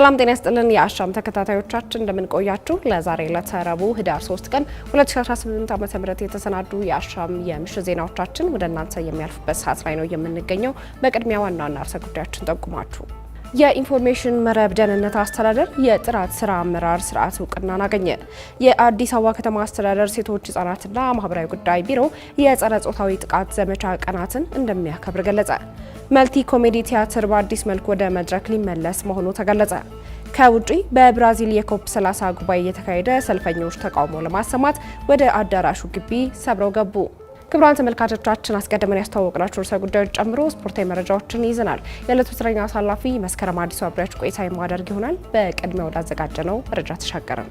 ሰላም ጤና ይስጥልን። የአሻም ተከታታዮቻችን እንደምንቆያችሁ ለዛሬ ለተረቡ ህዳር 3 ቀን 2018 ዓ.ም የተሰናዱ የአሻም የምሽት ዜናዎቻችን ወደ እናንተ የሚያልፉበት ሰዓት ላይ ነው የምንገኘው። በቅድሚያ ዋና ዋና ርዕሰ ጉዳዮችን ጠቁማችሁ የኢንፎርሜሽን መረብ ደህንነት አስተዳደር የጥራት ስራ አመራር ስርዓት እውቅናን አገኘ። የአዲስ አበባ ከተማ አስተዳደር ሴቶች ህጻናትና ማህበራዊ ጉዳይ ቢሮ የጸረ ጾታዊ ጥቃት ዘመቻ ቀናትን እንደሚያከብር ገለጸ። መልቲ ኮሜዲ ቲያትር በአዲስ መልክ ወደ መድረክ ሊመለስ መሆኑ ተገለጸ። ከውጪ በብራዚል የኮፕ 30 ጉባኤ የተካሄደ ሰልፈኞች ተቃውሞ ለማሰማት ወደ አዳራሹ ግቢ ሰብረው ገቡ። ክቡራን ተመልካቾቻችን አስቀድመን ያስተዋወቅናችሁ ርዕሰ ጉዳዮች ጨምሮ ስፖርታዊ መረጃዎችን ይዘናል። የዕለቱ ተረኛ አሳላፊ መስከረም አዲሱ አብሪያች ቆይታ የማደርግ ይሆናል። በቅድሚያ ወዳዘጋጀ ነው መረጃ ተሻገረን።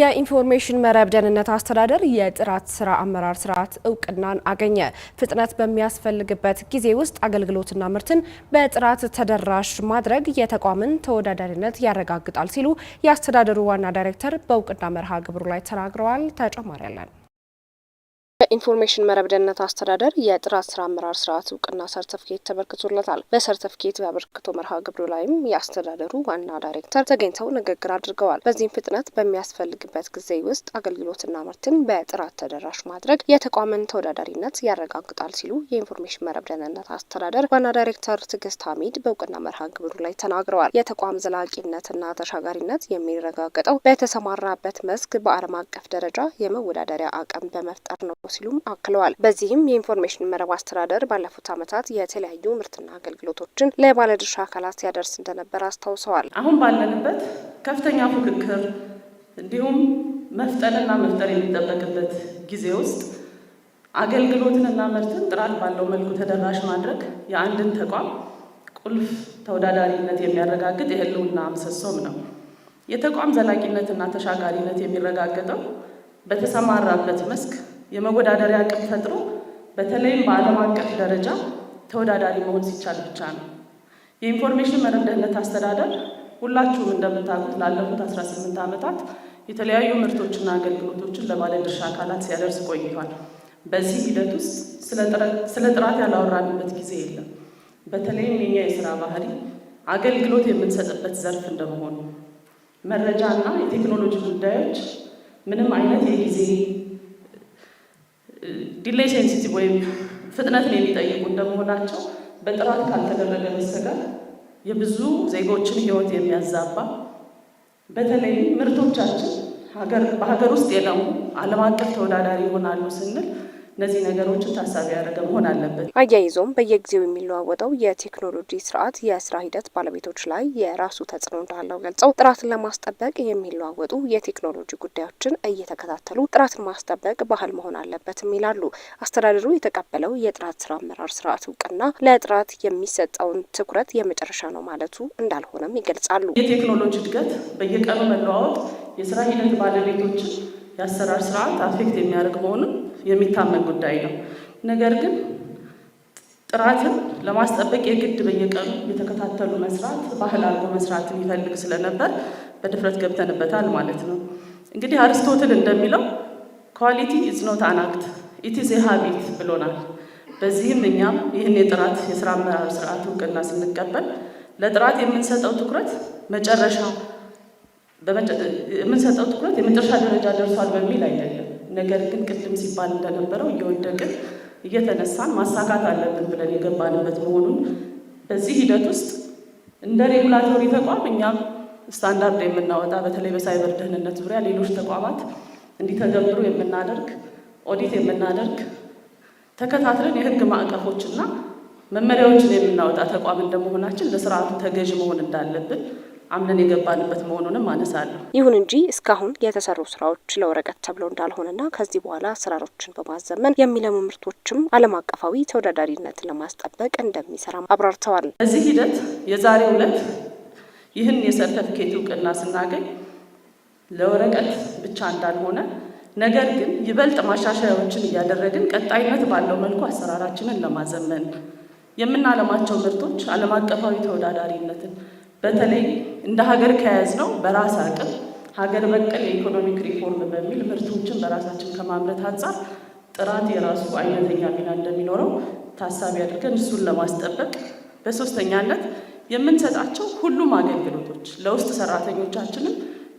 የኢንፎርሜሽን መረብ ደህንነት አስተዳደር የጥራት ስራ አመራር ስርዓት እውቅናን አገኘ። ፍጥነት በሚያስፈልግበት ጊዜ ውስጥ አገልግሎትና ምርትን በጥራት ተደራሽ ማድረግ የተቋምን ተወዳዳሪነት ያረጋግጣል ሲሉ የአስተዳደሩ ዋና ዳይሬክተር በእውቅና መርሃ ግብሩ ላይ ተናግረዋል። ተጨማሪ በኢንፎርሜሽን መረብ ደህንነት አስተዳደር የጥራት ስራ አመራር ስርዓት እውቅና ሰርተፍኬት ተበርክቶለታል። በሰርተፍኬት በአበርክቶ መርሃ ግብሩ ላይም የአስተዳደሩ ዋና ዳይሬክተር ተገኝተው ንግግር አድርገዋል። በዚህም ፍጥነት በሚያስፈልግበት ጊዜ ውስጥ አገልግሎትና ምርትን በጥራት ተደራሽ ማድረግ የተቋምን ተወዳዳሪነት ያረጋግጣል ሲሉ የኢንፎርሜሽን መረብ ደህንነት አስተዳደር ዋና ዳይሬክተር ትዕግስት ሀሚድ በእውቅና መርሃ ግብሩ ላይ ተናግረዋል። የተቋም ዘላቂነትና ተሻጋሪነት የሚረጋገጠው በተሰማራበት መስክ በዓለም አቀፍ ደረጃ የመወዳደሪያ አቅም በመፍጠር ነው ሲሉም አክለዋል። በዚህም የኢንፎርሜሽን መረብ አስተዳደር ባለፉት ዓመታት የተለያዩ ምርትና አገልግሎቶችን ለባለድርሻ አካላት ሲያደርስ እንደነበር አስታውሰዋል። አሁን ባለንበት ከፍተኛ ፉክክር እንዲሁም መፍጠንና መፍጠር የሚጠበቅበት ጊዜ ውስጥ አገልግሎትንና ምርትን ጥራት ባለው መልኩ ተደራሽ ማድረግ የአንድን ተቋም ቁልፍ ተወዳዳሪነት የሚያረጋግጥ የህልውና ምሰሶም ነው። የተቋም ዘላቂነትና ተሻጋሪነት የሚረጋገጠው በተሰማራበት መስክ የመወዳደሪያ አቅም ፈጥሮ በተለይም በዓለም አቀፍ ደረጃ ተወዳዳሪ መሆን ሲቻል ብቻ ነው። የኢንፎርሜሽን መረብ ደህንነት አስተዳደር ሁላችሁም እንደምታውቁት ላለፉት 18 ዓመታት የተለያዩ ምርቶችና አገልግሎቶችን ለባለድርሻ አካላት ሲያደርስ ቆይቷል። በዚህ ሂደት ውስጥ ስለ ጥራት ያላወራንበት ጊዜ የለም። በተለይም የኛ የስራ ባህሪ አገልግሎት የምንሰጥበት ዘርፍ እንደመሆኑ መረጃና የቴክኖሎጂ ጉዳዮች ምንም አይነት የጊዜ ዲሌይ ሴንሲቲቭ ወይም ፍጥነትን የሚጠይቁ እንደመሆናቸው በጥራት ካልተደረገ በስተቀር የብዙ ዜጎችን ህይወት የሚያዛባ በተለይ ምርቶቻችን በሀገር ውስጥ የለሙ ዓለም አቀፍ ተወዳዳሪ ይሆናሉ ስንል እነዚህ ነገሮችን ታሳቢ ያደረገ መሆን አለበት። አያይዞም በየጊዜው የሚለዋወጠው የቴክኖሎጂ ስርዓት የስራ ሂደት ባለቤቶች ላይ የራሱ ተጽዕኖ እንዳለው ገልጸው ጥራትን ለማስጠበቅ የሚለዋወጡ የቴክኖሎጂ ጉዳዮችን እየተከታተሉ ጥራትን ማስጠበቅ ባህል መሆን አለበትም ይላሉ። አስተዳደሩ የተቀበለው የጥራት ስራ አመራር ስርዓት እውቅና ለጥራት የሚሰጠውን ትኩረት የመጨረሻ ነው ማለቱ እንዳልሆነም ይገልጻሉ። የቴክኖሎጂ እድገት በየቀኑ መለዋወጥ የስራ ሂደት ባለቤቶችን የአሰራር ስርዓት አፌክት የሚያደርግ መሆኑን የሚታመን ጉዳይ ነው። ነገር ግን ጥራትን ለማስጠበቅ የግድ በየቀኑ የተከታተሉ መስራት ባህል አልጎ መስራት የሚፈልግ ስለነበር በድፍረት ገብተንበታል ማለት ነው። እንግዲህ አርስቶትል እንደሚለው ኳሊቲ ኢዝ ኖት አን አክት ኢት ኢዝ ሀቢት ብሎናል። በዚህም እኛም ይህን የጥራት የስራ አመራር ስርዓት እውቅና ስንቀበል ለጥራት የምንሰጠው ትኩረት መጨረሻ የምንሰጠው ትኩረት የመጨረሻ ደረጃ ደርሷል በሚል አይደለም። ነገር ግን ቅድም ሲባል እንደነበረው እየወደቅን እየተነሳን ማሳካት አለብን ብለን የገባንበት መሆኑን በዚህ ሂደት ውስጥ እንደ ሬጉላቶሪ ተቋም እኛም ስታንዳርድ የምናወጣ በተለይ በሳይበር ደህንነት ዙሪያ ሌሎች ተቋማት እንዲተገብሩ የምናደርግ ኦዲት የምናደርግ ተከታትለን የህግ ማዕቀፎችና መመሪያዎችን የምናወጣ ተቋም እንደመሆናችን ለስርዓቱ ተገዥ መሆን እንዳለብን አምነን የገባንበት መሆኑንም አነሳለሁ። ይሁን እንጂ እስካሁን የተሰሩ ስራዎች ለወረቀት ተብለው እንዳልሆነና ከዚህ በኋላ አሰራሮችን በማዘመን የሚለሙ ምርቶችም ዓለም አቀፋዊ ተወዳዳሪነትን ለማስጠበቅ እንደሚሰራ አብራርተዋል። በዚህ ሂደት የዛሬው ዕለት ይህን የሰርተፊኬት እውቅና ስናገኝ ለወረቀት ብቻ እንዳልሆነ ነገር ግን ይበልጥ ማሻሻያዎችን እያደረግን ቀጣይነት ባለው መልኩ አሰራራችንን ለማዘመን የምናለማቸው ምርቶች ዓለም አቀፋዊ ተወዳዳሪነትን በተለይ እንደ ሀገር ከያዝ ነው በራስ አቅም ሀገር በቀል የኢኮኖሚክ ሪፎርም በሚል ምርቶችን በራሳችን ከማምረት አንጻር ጥራት የራሱ አይነተኛ ሚና እንደሚኖረው ታሳቢ አድርገን እሱን ለማስጠበቅ፣ በሶስተኛነት የምንሰጣቸው ሁሉም አገልግሎቶች ለውስጥ ሰራተኞቻችንም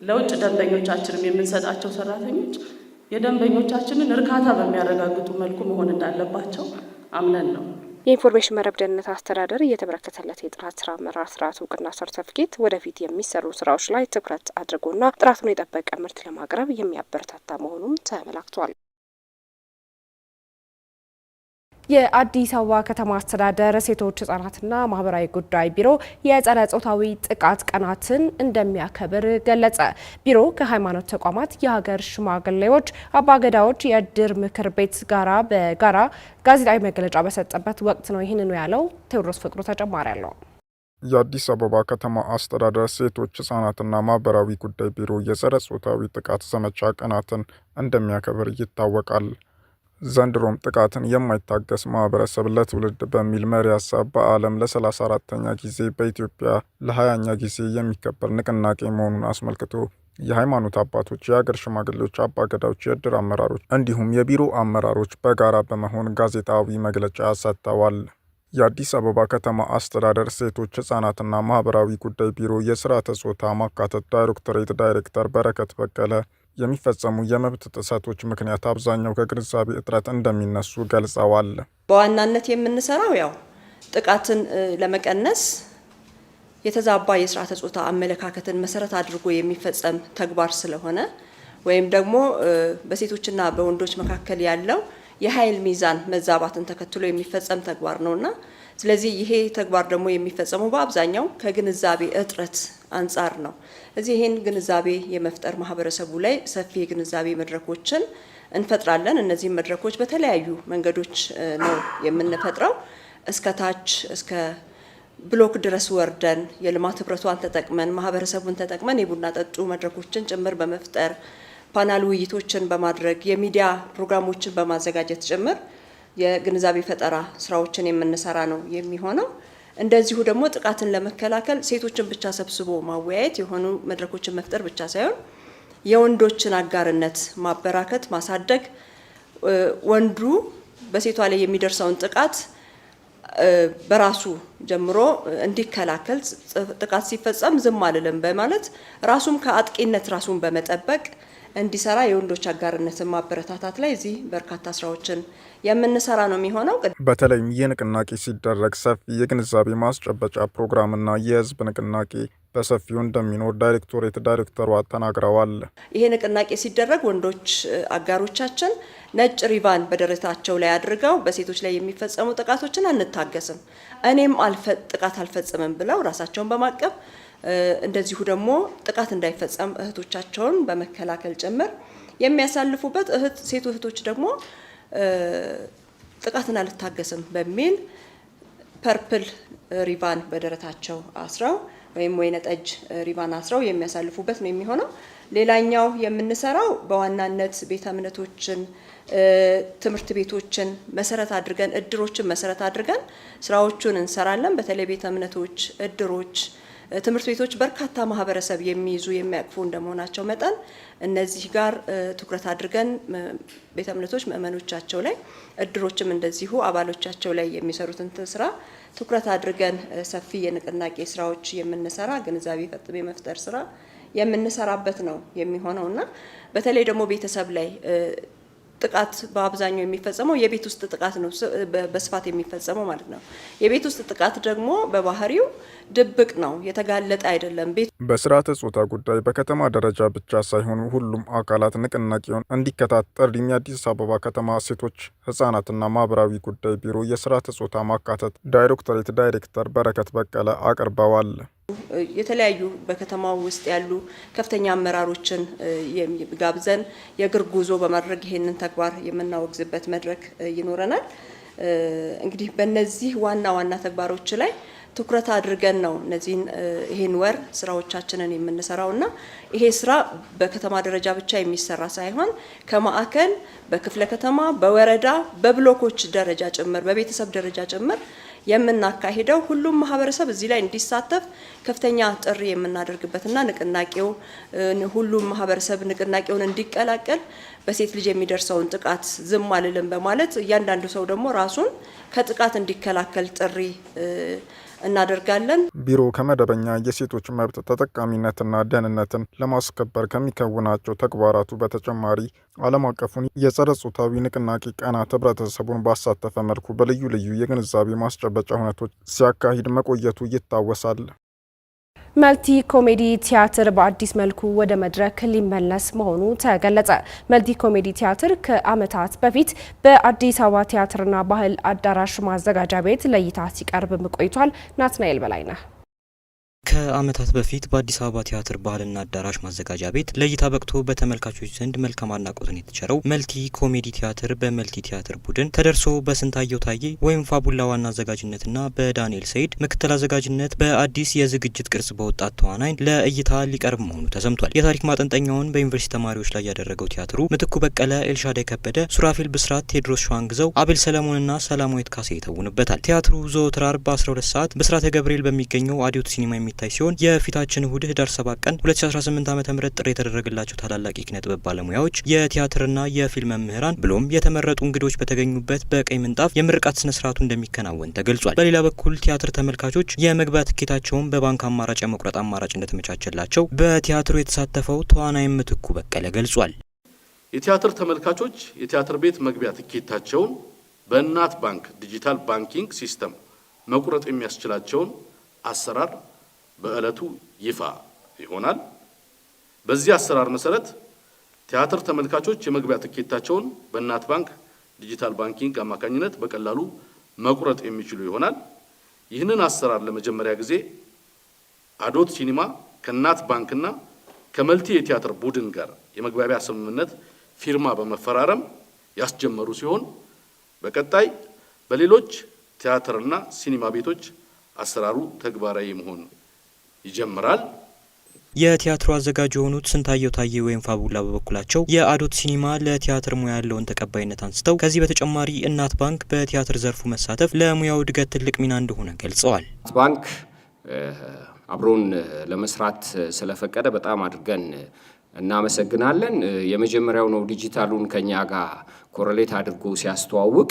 ለውጭ ደንበኞቻችንም የምንሰጣቸው ሰራተኞች የደንበኞቻችንን እርካታ በሚያረጋግጡ መልኩ መሆን እንዳለባቸው አምነን ነው። የኢንፎርሜሽን መረብ ደህንነት አስተዳደር እየተበረከተለት የጥራት ስራ አመራር ስርዓት እውቅና ሰርተፍኬት ወደፊት የሚሰሩ ስራዎች ላይ ትኩረት አድርጎና ጥራቱን የጠበቀ ምርት ለማቅረብ የሚያበረታታ መሆኑም ተመላክቷል። የአዲስ አበባ ከተማ አስተዳደር ሴቶች ህጻናትና ማህበራዊ ጉዳይ ቢሮ የጸረ ጾታዊ ጥቃት ቀናትን እንደሚያከብር ገለጸ። ቢሮ ከሃይማኖት ተቋማት፣ የሀገር ሽማግሌዎች፣ አባገዳዎች፣ የእድር ምክር ቤት ጋራ በጋራ ጋዜጣዊ መግለጫ በሰጠበት ወቅት ነው ይህንኑ ያለው። ቴዎድሮስ ፍቅሩ ተጨማሪ አለው። የአዲስ አበባ ከተማ አስተዳደር ሴቶች ህጻናትና ማህበራዊ ጉዳይ ቢሮ የጸረ ጾታዊ ጥቃት ዘመቻ ቀናትን እንደሚያከብር ይታወቃል። ዘንድሮም ጥቃትን የማይታገስ ማህበረሰብ ለትውልድ በሚል መሪ ሀሳብ በዓለም ለ34ተኛ ጊዜ በኢትዮጵያ ለ20ኛ ጊዜ የሚከበር ንቅናቄ መሆኑን አስመልክቶ የሃይማኖት አባቶች፣ የአገር ሽማግሌዎች፣ አባገዳዎች፣ የእድር አመራሮች እንዲሁም የቢሮ አመራሮች በጋራ በመሆን ጋዜጣዊ መግለጫ ሰጥተዋል። የአዲስ አበባ ከተማ አስተዳደር ሴቶች ህጻናትና ማህበራዊ ጉዳይ ቢሮ የስርዓተ ጾታ ማካተት ዳይሬክቶሬት ዳይሬክተር በረከት በቀለ የሚፈጸሙ የመብት ጥሰቶች ምክንያት አብዛኛው ከግንዛቤ እጥረት እንደሚነሱ ገልጸዋል። በዋናነት የምንሰራው ያው ጥቃትን ለመቀነስ የተዛባ የስርዓተ ጾታ አመለካከትን መሰረት አድርጎ የሚፈጸም ተግባር ስለሆነ ወይም ደግሞ በሴቶችና በወንዶች መካከል ያለው የኃይል ሚዛን መዛባትን ተከትሎ የሚፈጸም ተግባር ነውና ስለዚህ ይሄ ተግባር ደግሞ የሚፈጸመው በአብዛኛው ከግንዛቤ እጥረት አንጻር ነው። እዚህ ይህን ግንዛቤ የመፍጠር ማህበረሰቡ ላይ ሰፊ የግንዛቤ መድረኮችን እንፈጥራለን። እነዚህ መድረኮች በተለያዩ መንገዶች ነው የምንፈጥረው። እስከ ታች እስከ ብሎክ ድረስ ወርደን የልማት ህብረቷን ተጠቅመን ማህበረሰቡን ተጠቅመን የቡና ጠጡ መድረኮችን ጭምር በመፍጠር ፓናል ውይይቶችን በማድረግ የሚዲያ ፕሮግራሞችን በማዘጋጀት ጭምር የግንዛቤ ፈጠራ ስራዎችን የምንሰራ ነው የሚሆነው። እንደዚሁ ደግሞ ጥቃትን ለመከላከል ሴቶችን ብቻ ሰብስቦ ማወያየት የሆኑ መድረኮችን መፍጠር ብቻ ሳይሆን የወንዶችን አጋርነት ማበራከት፣ ማሳደግ ወንዱ በሴቷ ላይ የሚደርሰውን ጥቃት በራሱ ጀምሮ እንዲከላከል ጥቃት ሲፈጸም ዝም አልልም በማለት ራሱም ከአጥቂነት ራሱን በመጠበቅ እንዲሰራ የወንዶች አጋርነትን ማበረታታት ላይ እዚህ በርካታ ስራዎችን የምንሰራ ነው የሚሆነው። በተለይም ይህ ንቅናቄ ሲደረግ ሰፊ የግንዛቤ ማስጨበጫ ፕሮግራምና የህዝብ ንቅናቄ በሰፊው እንደሚኖር ዳይሬክቶሬት ዳይሬክተሯ ተናግረዋል። ይሄ ንቅናቄ ሲደረግ ወንዶች አጋሮቻችን ነጭ ሪቫን በደረታቸው ላይ አድርገው በሴቶች ላይ የሚፈጸሙ ጥቃቶችን አንታገስም፣ እኔም ጥቃት አልፈጽምም ብለው ራሳቸውን በማቀብ እንደዚሁ ደግሞ ጥቃት እንዳይፈጸም እህቶቻቸውን በመከላከል ጭምር የሚያሳልፉበት እህት ሴት እህቶች ደግሞ ጥቃትን አልታገስም በሚል ፐርፕል ሪባን በደረታቸው አስረው ወይም ወይነ ጠጅ ሪባን አስረው የሚያሳልፉበት ነው የሚሆነው። ሌላኛው የምንሰራው በዋናነት ቤተ እምነቶችን፣ ትምህርት ቤቶችን መሰረት አድርገን እድሮችን መሰረት አድርገን ስራዎቹን እንሰራለን። በተለይ ቤተ እምነቶች፣ እድሮች ትምህርት ቤቶች በርካታ ማህበረሰብ የሚይዙ የሚያቅፉ እንደመሆናቸው መጠን እነዚህ ጋር ትኩረት አድርገን ቤተ እምነቶች ምእመኖቻቸው ላይ እድሮችም እንደዚሁ አባሎቻቸው ላይ የሚሰሩትን ስራ ትኩረት አድርገን ሰፊ የንቅናቄ ስራዎች የምንሰራ ግንዛቤ ፈጥቤ መፍጠር ስራ የምንሰራበት ነው የሚሆነው እና በተለይ ደግሞ ቤተሰብ ላይ ጥቃት በአብዛኛው የሚፈጸመው የቤት ውስጥ ጥቃት ነው፣ በስፋት የሚፈጸመው ማለት ነው። የቤት ውስጥ ጥቃት ደግሞ በባህሪው ድብቅ ነው፣ የተጋለጠ አይደለም። ቤት በስርዓተ ጾታ ጉዳይ በከተማ ደረጃ ብቻ ሳይሆን ሁሉም አካላት ንቅናቄውን እንዲከታተል የአዲስ አበባ ከተማ ሴቶች ህጻናትና ማህበራዊ ጉዳይ ቢሮ የስርዓተ ጾታ ማካተት ዳይሬክቶሬት ዳይሬክተር በረከት በቀለ አቅርበዋል። የተለያዩ በከተማው ውስጥ ያሉ ከፍተኛ አመራሮችን ጋብዘን የእግር ጉዞ በማድረግ ይሄንን ተግባር የምናወግዝበት መድረክ ይኖረናል። እንግዲህ በእነዚህ ዋና ዋና ተግባሮች ላይ ትኩረት አድርገን ነው እነዚህን ይሄን ወር ስራዎቻችንን የምንሰራው እና ይሄ ስራ በከተማ ደረጃ ብቻ የሚሰራ ሳይሆን ከማዕከል በክፍለ ከተማ፣ በወረዳ፣ በብሎኮች ደረጃ ጭምር በቤተሰብ ደረጃ ጭምር የምናካሂደው ሁሉም ማህበረሰብ እዚህ ላይ እንዲሳተፍ ከፍተኛ ጥሪ የምናደርግበትና ንቅናቄው ሁሉም ማህበረሰብ ንቅናቄውን እንዲቀላቀል በሴት ልጅ የሚደርሰውን ጥቃት ዝም አልልም በማለት እያንዳንዱ ሰው ደግሞ ራሱን ከጥቃት እንዲከላከል ጥሪ እናደርጋለን። ቢሮ ከመደበኛ የሴቶች መብት ተጠቃሚነትና ደህንነትን ለማስከበር ከሚከውናቸው ተግባራቱ በተጨማሪ ዓለም አቀፉን የጸረ ጾታዊ ንቅናቄ ቀናት ህብረተሰቡን ባሳተፈ መልኩ በልዩ ልዩ የግንዛቤ ማስጨበጫ ሁነቶች ሲያካሂድ መቆየቱ ይታወሳል። መልቲ ኮሜዲ ቲያትር በአዲስ መልኩ ወደ መድረክ ሊመለስ መሆኑ ተገለጸ። መልቲ ኮሜዲ ቲያትር ከዓመታት በፊት በአዲስ አበባ ቲያትርና ባህል አዳራሽ ማዘጋጃ ቤት ለእይታ ሲቀርብ ቆይቷል። ናትናኤል በላይነህ ከዓመታት በፊት በአዲስ አበባ ቲያትር ባህልና አዳራሽ ማዘጋጃ ቤት ለእይታ በቅቶ በተመልካቾች ዘንድ መልካም አድናቆትን የተቸረው መልቲ ኮሜዲ ቲያትር በመልቲ ቲያትር ቡድን ተደርሶ በስንታየው ታዬ ወይም ፋቡላ ዋና አዘጋጅነትና በዳንኤል ሰይድ ምክትል አዘጋጅነት በአዲስ የዝግጅት ቅርጽ በወጣት ተዋናይ ለእይታ ሊቀርብ መሆኑ ተሰምቷል። የታሪክ ማጠንጠኛውን በዩኒቨርሲቲ ተማሪዎች ላይ ያደረገው ቲያትሩ ምትኩ በቀለ፣ ኤልሻዳይ ከበደ፣ ሱራፊል ብስራት፣ ቴድሮስ ሸዋንግዘው፣ አቤል ሰለሞንና ሰላማዊት ካሴ ይተውንበታል። ቲያትሩ ዘወትር አርብ በ12 ሰዓት ብስራተ ገብርኤል በሚገኘው አዲዮት ሲኒማ የሚ የሚታይ ሲሆን የፊታችን እሁድ ህዳር 7 ቀን 2018 ዓ ም ጥሪ የተደረገላቸው ታላላቅ የኪነ ጥበብ ባለሙያዎች የቲያትርና የፊልም መምህራን ብሎም የተመረጡ እንግዶች በተገኙበት በቀይ ምንጣፍ የምርቃት ስነስርዓቱ እንደሚከናወን ተገልጿል። በሌላ በኩል ቲያትር ተመልካቾች የመግቢያ ትኬታቸውን በባንክ አማራጭ የመቁረጥ አማራጭ እንደተመቻቸላቸው በቲያትሩ የተሳተፈው ተዋናይ ምትኩ በቀለ ገልጿል። የቲያትር ተመልካቾች የቲያትር ቤት መግቢያ ትኬታቸውን በእናት ባንክ ዲጂታል ባንኪንግ ሲስተም መቁረጥ የሚያስችላቸውን አሰራር በዕለቱ ይፋ ይሆናል። በዚህ አሰራር መሰረት ቲያትር ተመልካቾች የመግቢያ ትኬታቸውን በእናት ባንክ ዲጂታል ባንኪንግ አማካኝነት በቀላሉ መቁረጥ የሚችሉ ይሆናል። ይህንን አሰራር ለመጀመሪያ ጊዜ አዶት ሲኒማ ከእናት ባንክና ከመልቲ የቲያትር ቡድን ጋር የመግባቢያ ስምምነት ፊርማ በመፈራረም ያስጀመሩ ሲሆን በቀጣይ በሌሎች ቲያትርና ሲኒማ ቤቶች አሰራሩ ተግባራዊ መሆን ይጀምራል። የቲያትሩ አዘጋጅ የሆኑት ስንታየው ታዬ ወይም ፋቡላ በበኩላቸው የአዶት ሲኒማ ለቲያትር ሙያ ያለውን ተቀባይነት አንስተው ከዚህ በተጨማሪ እናት ባንክ በቲያትር ዘርፉ መሳተፍ ለሙያው እድገት ትልቅ ሚና እንደሆነ ገልጸዋል። እናት ባንክ አብሮን ለመስራት ስለፈቀደ በጣም አድርገን እናመሰግናለን። የመጀመሪያው ነው ዲጂታሉን ከኛ ጋር ኮረሌት አድርጎ ሲያስተዋውቅ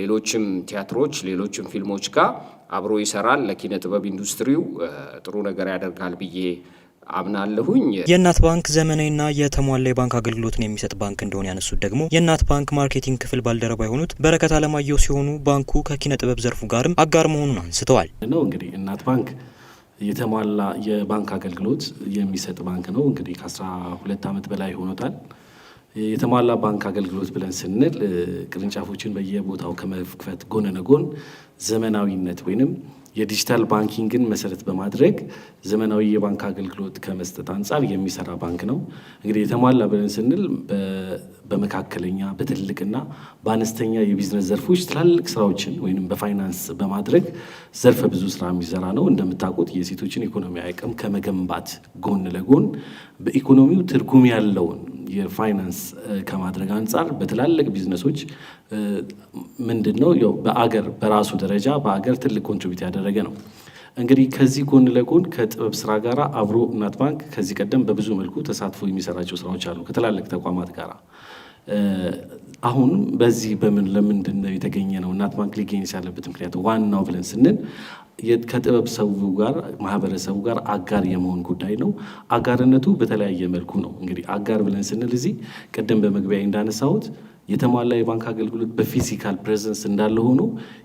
ሌሎችም ቲያትሮች ሌሎችም ፊልሞች ጋር አብሮ ይሰራል። ለኪነ ጥበብ ኢንዱስትሪው ጥሩ ነገር ያደርጋል ብዬ አምናለሁኝ። የእናት ባንክ ዘመናዊና የተሟላ የባንክ አገልግሎትን የሚሰጥ ባንክ እንደሆነ ያነሱት ደግሞ የእናት ባንክ ማርኬቲንግ ክፍል ባልደረባ የሆኑት በረከት አለማየሁ ሲሆኑ ባንኩ ከኪነ ጥበብ ዘርፉ ጋርም አጋር መሆኑን አንስተዋል። ነው እንግዲህ እናት ባንክ የተሟላ የባንክ አገልግሎት የሚሰጥ ባንክ ነው። እንግዲህ ከአስራ ሁለት ዓመት በላይ ሆኖታል። የተሟላ ባንክ አገልግሎት ብለን ስንል ቅርንጫፎችን በየቦታው ከመክፈት ጎን ለጎን ዘመናዊነት ወይንም የዲጂታል ባንኪንግን መሰረት በማድረግ ዘመናዊ የባንክ አገልግሎት ከመስጠት አንጻር የሚሰራ ባንክ ነው። እንግዲህ የተሟላ ብለን ስንል በመካከለኛ በትልቅና በአነስተኛ የቢዝነስ ዘርፎች ትላልቅ ስራዎችን ወይም በፋይናንስ በማድረግ ዘርፈ ብዙ ስራ የሚሰራ ነው። እንደምታውቁት የሴቶችን ኢኮኖሚ አቅም ከመገንባት ጎን ለጎን በኢኮኖሚው ትርጉም ያለውን የፋይናንስ ከማድረግ አንጻር በትላልቅ ቢዝነሶች ምንድን ነው በአገር በራሱ ደረጃ በአገር ትልቅ ኮንትሪቢት ያደረገ ነው። እንግዲህ ከዚህ ጎን ለጎን ከጥበብ ስራ ጋር አብሮ እናት ባንክ ከዚህ ቀደም በብዙ መልኩ ተሳትፎ የሚሰራቸው ስራዎች አሉ ከትላልቅ ተቋማት ጋር። አሁን በዚህ በምን ለምንድን ነው የተገኘ ነው እናት ባንክ ሊገኝ ያለበት ምክንያት ዋናው ብለን ስንል ከጥበብ ሰው ጋር ማህበረሰቡ ጋር አጋር የመሆን ጉዳይ ነው። አጋርነቱ በተለያየ መልኩ ነው። እንግዲህ አጋር ብለን ስንል እዚህ ቅድም በመግቢያ እንዳነሳሁት የተሟላ የባንክ አገልግሎት በፊዚካል ፕሬዘንስ እንዳለ ሆኖ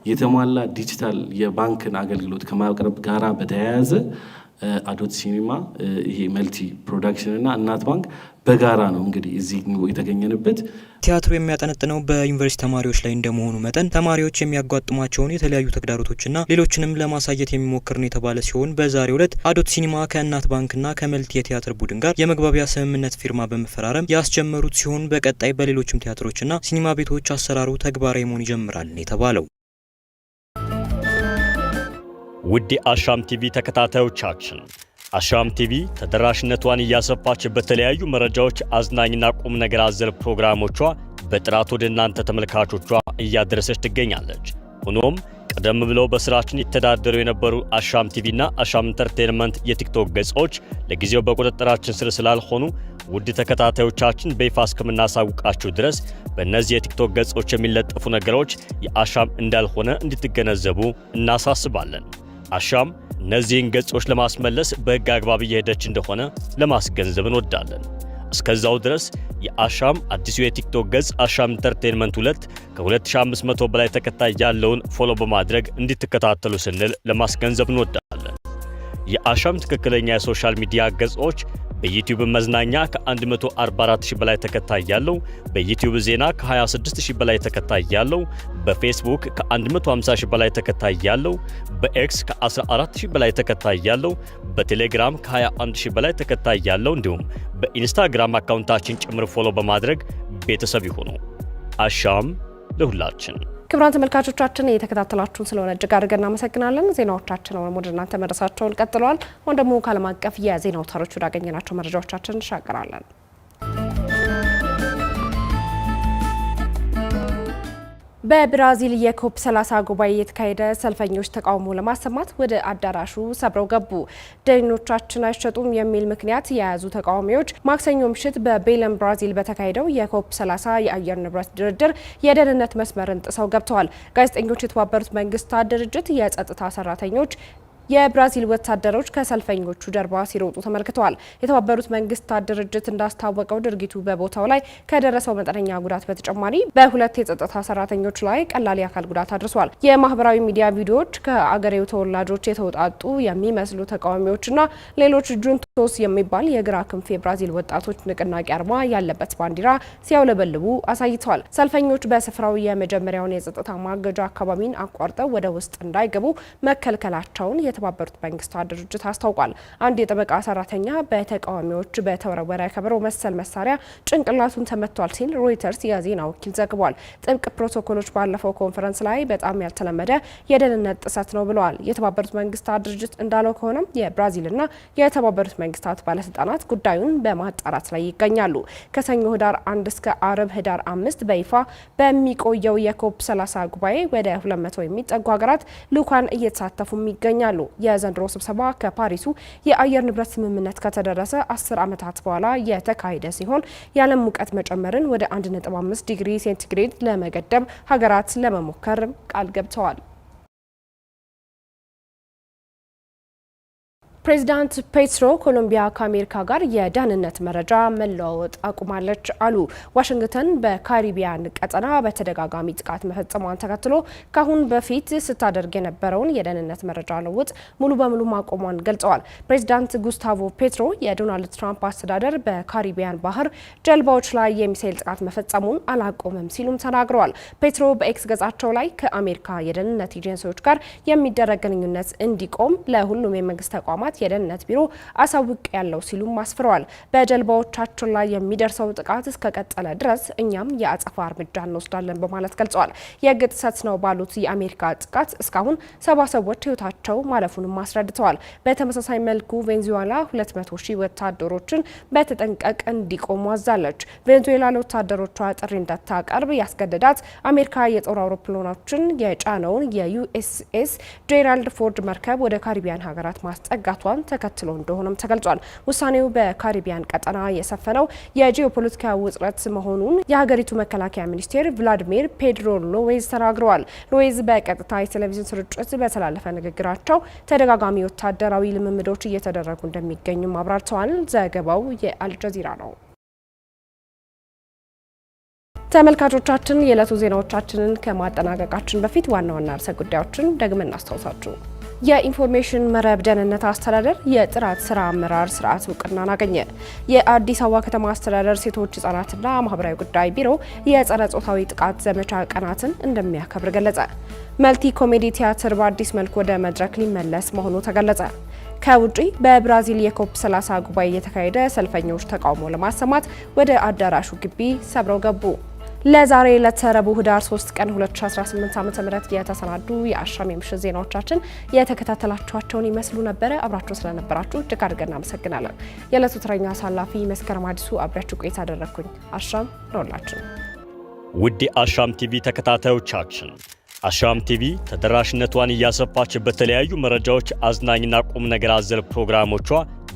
የተሟላ ዲጂታል የባንክን አገልግሎት ከማቅረብ ጋራ በተያያዘ አዶት ሲኒማ ይሄ መልቲ ፕሮዳክሽን እና እናት ባንክ በጋራ ነው እንግዲህ እዚህ የተገኘንበት። ቲያትሩ የሚያጠነጥነው በዩኒቨርሲቲ ተማሪዎች ላይ እንደመሆኑ መጠን ተማሪዎች የሚያጓጥሟቸውን የተለያዩ ተግዳሮቶችና ሌሎችንም ለማሳየት የሚሞክር ነው የተባለ ሲሆን በዛሬው ዕለት አዶት ሲኒማ ከእናት ባንክና ከመልቲ የቲያትር ቡድን ጋር የመግባቢያ ስምምነት ፊርማ በመፈራረም ያስጀመሩት ሲሆን በቀጣይ በሌሎችም ቲያትሮችና ሲኒማ ቤቶች አሰራሩ ተግባራዊ መሆን ይጀምራል የተባለው። ውድ አሻም ቲቪ ተከታታዮቻችን አሻም ቲቪ ተደራሽነቷን እያሰፋች በተለያዩ መረጃዎች አዝናኝና ቁም ነገር አዘል ፕሮግራሞቿ በጥራት ወደ እናንተ ተመልካቾቿ እያደረሰች ትገኛለች። ሆኖም ቀደም ብለው በስራችን ይተዳደሩ የነበሩ አሻም ቲቪና አሻም ኢንተርቴንመንት የቲክቶክ ገጾች ለጊዜው በቁጥጥራችን ስር ስላልሆኑ ውድ ተከታታዮቻችን በይፋ እስከምናሳውቃችሁ ድረስ በእነዚህ የቲክቶክ ገጾች የሚለጠፉ ነገሮች የአሻም እንዳልሆነ እንድትገነዘቡ እናሳስባለን። አሻም እነዚህን ገጾች ለማስመለስ በሕግ አግባብ እየሄደች እንደሆነ ለማስገንዘብ እንወዳለን። እስከዛው ድረስ የአሻም አዲሱ የቲክቶክ ገጽ አሻም ኢንተርቴንመንት 2 ከ2500 በላይ ተከታይ ያለውን ፎሎ በማድረግ እንድትከታተሉ ስንል ለማስገንዘብ እንወዳለን። የአሻም ትክክለኛ የሶሻል ሚዲያ ገጾች በዩቲዩብ መዝናኛ ከ144000 በላይ ተከታይ ያለው፣ በዩቲዩብ ዜና ከ26000 በላይ ተከታይ ያለው፣ በፌስቡክ ከ150000 በላይ ተከታይ ያለው፣ በኤክስ ከ14000 በላይ ተከታይ ያለው፣ በቴሌግራም ከ21000 በላይ ተከታይ ያለው እንዲሁም በኢንስታግራም አካውንታችን ጭምር ፎሎ በማድረግ ቤተሰብ ይሁኑ። አሻም ለሁላችን! ክቡራን ተመልካቾቻችን እየተከታተላችሁን ስለሆነ እጅግ አድርገን እናመሰግናለን። ዜናዎቻችን አሁንም ወደ እናንተ መድረሳቸውን ቀጥለዋል። አሁን ደግሞ ከዓለም አቀፍ የዜና አውታሮች ወዳገኘናቸው መረጃዎቻችን እንሻገራለን። በብራዚል የኮፕ 30 ጉባኤ የተካሄደ ሰልፈኞች ተቃውሞ ለማሰማት ወደ አዳራሹ ሰብረው ገቡ። ደኖቻችን አይሸጡም የሚል ምክንያት የያዙ ተቃዋሚዎች ማክሰኞ ምሽት በቤለም ብራዚል በተካሄደው የኮፕ 30 የአየር ንብረት ድርድር የደህንነት መስመርን ጥሰው ገብተዋል። ጋዜጠኞች የተባበሩት መንግስታት ድርጅት የጸጥታ ሰራተኞች የብራዚል ወታደሮች ከሰልፈኞቹ ጀርባ ሲሮጡ ተመልክተዋል። የተባበሩት መንግስታት ድርጅት እንዳስታወቀው ድርጊቱ በቦታው ላይ ከደረሰው መጠነኛ ጉዳት በተጨማሪ በሁለት የጸጥታ ሰራተኞች ላይ ቀላል የአካል ጉዳት አድርሷል። የማህበራዊ ሚዲያ ቪዲዮዎች ከአገሬው ተወላጆች የተውጣጡ የሚመስሉ ተቃዋሚዎችና ሌሎች እጁን ሶስ የሚባል የግራ ክንፍ የብራዚል ወጣቶች ንቅናቄ አርማ ያለበት ባንዲራ ሲያውለበልቡ አሳይተዋል። ሰልፈኞች በስፍራው የመጀመሪያውን የጸጥታ ማገጃ አካባቢን አቋርጠው ወደ ውስጥ እንዳይገቡ መከልከላቸውን የተባበሩት መንግስታት ድርጅት አስታውቋል። አንድ የጠበቃ ሰራተኛ በተቃዋሚዎች በተወረወረ ከበሮ መሰል መሳሪያ ጭንቅላቱን ተመቷል ሲል ሮይተርስ የዜና ወኪል ዘግቧል። ጥብቅ ፕሮቶኮሎች ባለፈው ኮንፈረንስ ላይ በጣም ያልተለመደ የደህንነት ጥሰት ነው ብለዋል። የተባበሩት መንግስታት ድርጅት እንዳለው ከሆነም የብራዚልና የተባበሩት መንግስታት ባለስልጣናት ጉዳዩን በማጣራት ላይ ይገኛሉ። ከሰኞ ህዳር 1 እስከ አርብ ህዳር 5 በይፋ በሚቆየው የኮፕ 30 ጉባኤ ወደ 200 የሚጠጉ ሀገራት ልዑካን እየተሳተፉም ይገኛሉ። የዘንድሮ ስብሰባ ከፓሪሱ የአየር ንብረት ስምምነት ከተደረሰ 10 ዓመታት በኋላ የተካሄደ ሲሆን የዓለም ሙቀት መጨመርን ወደ 1.5 ዲግሪ ሴንቲግሬድ ለመገደብ ሀገራት ለመሞከር ቃል ገብተዋል። ፕሬዚዳንት ፔትሮ ኮሎምቢያ ከአሜሪካ ጋር የደህንነት መረጃ መለዋወጥ አቁማለች አሉ። ዋሽንግተን በካሪቢያን ቀጠና በተደጋጋሚ ጥቃት መፈጸሟን ተከትሎ ካሁን በፊት ስታደርግ የነበረውን የደህንነት መረጃ ልውውጥ ሙሉ በሙሉ ማቆሟን ገልጸዋል። ፕሬዚዳንት ጉስታቮ ፔትሮ የዶናልድ ትራምፕ አስተዳደር በካሪቢያን ባህር ጀልባዎች ላይ የሚሳይል ጥቃት መፈጸሙን አላቆምም ሲሉም ተናግረዋል። ፔትሮ በኤክስ ገጻቸው ላይ ከአሜሪካ የደህንነት ኤጀንሲዎች ጋር የሚደረግ ግንኙነት እንዲቆም ለሁሉም የመንግስት ተቋማት ምክንያት የደህንነት ቢሮ አሳውቅ ያለው ሲሉም አስፍረዋል። በጀልባዎቻችን ላይ የሚደርሰው ጥቃት እስከቀጠለ ድረስ እኛም የአጸፋ እርምጃ እንወስዳለን በማለት ገልጸዋል። የሕግ ጥሰት ነው ባሉት የአሜሪካ ጥቃት እስካሁን ሰባ ሰዎች ህይወታቸው ማለፉንም አስረድተዋል። በተመሳሳይ መልኩ ቬንዙዌላ 200 ሺህ ወታደሮችን በተጠንቀቅ እንዲቆሙ አዛለች። ቬንዙዌላ ለወታደሮቿ ጥሪ እንዳታቀርብ ያስገደዳት አሜሪካ የጦር አውሮፕላኖችን የጫነውን የዩኤስኤስ ጄራልድ ፎርድ መርከብ ወደ ካሪቢያን ሀገራት ማስጠጋቱ መውጣቷን ተከትሎ እንደሆነም ተገልጿል። ውሳኔው በካሪቢያን ቀጠና የሰፈነው የጂኦፖለቲካ ውጥረት መሆኑን የሀገሪቱ መከላከያ ሚኒስቴር ቭላዲሚር ፔድሮ ሎዌዝ ተናግረዋል። ሎዌዝ በቀጥታ የቴሌቪዥን ስርጭት በተላለፈ ንግግራቸው ተደጋጋሚ ወታደራዊ ልምምዶች እየተደረጉ እንደሚገኙም አብራርተዋል። ዘገባው የአልጀዚራ ነው። ተመልካቾቻችን የዕለቱ ዜናዎቻችንን ከማጠናቀቃችን በፊት ዋና ዋና ርዕሰ ጉዳዮችን ደግመን እናስታውሳችሁ። የኢንፎርሜሽን መረብ ደህንነት አስተዳደር የጥራት ስራ አመራር ስርዓት እውቅናን አገኘ። የአዲስ አበባ ከተማ አስተዳደር ሴቶች ህጻናትና ማህበራዊ ጉዳይ ቢሮ የጸረ ጾታዊ ጥቃት ዘመቻ ቀናትን እንደሚያከብር ገለጸ። መልቲ ኮሜዲ ቲያትር በአዲስ መልክ ወደ መድረክ ሊመለስ መሆኑ ተገለጸ። ከውጪ በብራዚል የኮፕ 30 ጉባኤ የተካሄደ ሰልፈኞች ተቃውሞ ለማሰማት ወደ አዳራሹ ግቢ ሰብረው ገቡ። ለዛሬ ለተረቡ ህዳር 3 ቀን 2018 ዓ.ም የተሰናዱ የአሻም የምሽት ዜናዎቻችን የተከታተላችኋቸውን ይመስሉ ነበረ። አብራችሁ ስለነበራችሁ እጅግ አድርገን እናመሰግናለን። የዕለቱ ተረኛ አሳላፊ መስከረም አዲሱ አብሪያችሁ ቆይታ አደረግኩኝ። አሻም ነውላችሁ። ውድ አሻም ቲቪ ተከታታዮቻችን አሻም ቲቪ ተደራሽነቷን እያሰፋች በተለያዩ መረጃዎች አዝናኝና ቁም ነገር አዘል ፕሮግራሞቿ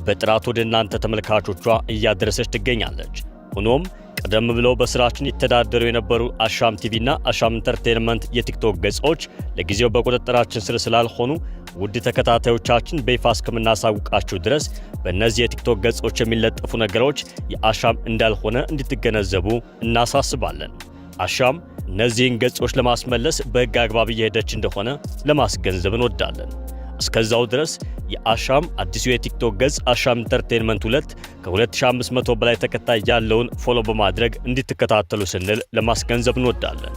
በጥራት ወደ እናንተ ተመልካቾቿ እያደረሰች ትገኛለች። ሆኖም ቀደም ብለው በስራችን ይተዳደሩ የነበሩ አሻም ቲቪና አሻም ኢንተርቴንመንት የቲክቶክ ገጾች ለጊዜው በቁጥጥራችን ስር ስላልሆኑ ውድ ተከታታዮቻችን በይፋ እስከምናሳውቃችሁ ድረስ በእነዚህ የቲክቶክ ገጾች የሚለጠፉ ነገሮች የአሻም እንዳልሆነ እንድትገነዘቡ እናሳስባለን። አሻም እነዚህን ገጾች ለማስመለስ በሕግ አግባብ እየሄደች እንደሆነ ለማስገንዘብ እንወዳለን። እስከዛው ድረስ የአሻም አዲሱ የቲክቶክ ገጽ አሻም ኢንተርቴንመንት 2 ከ2500 በላይ ተከታይ ያለውን ፎሎ በማድረግ እንድትከታተሉ ስንል ለማስገንዘብ እንወዳለን።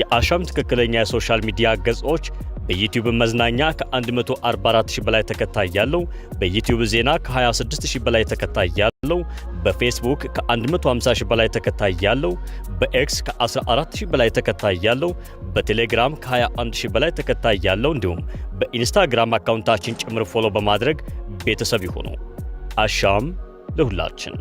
የአሻም ትክክለኛ የሶሻል ሚዲያ ገጾች በዩቲዩብ መዝናኛ ከ144000 በላይ ተከታይ ያለው፣ በዩቲዩብ ዜና ከ26000 በላይ ተከታይ ያለው፣ በፌስቡክ ከ150000 በላይ ተከታይ ያለው፣ በኤክስ ከ14000 በላይ ተከታይ ያለው፣ በቴሌግራም ከ21000 በላይ ተከታይ ያለው እንዲሁም በኢንስታግራም አካውንታችን ጭምር ፎሎ በማድረግ ቤተሰብ ይሁኑ። አሻም ለሁላችን!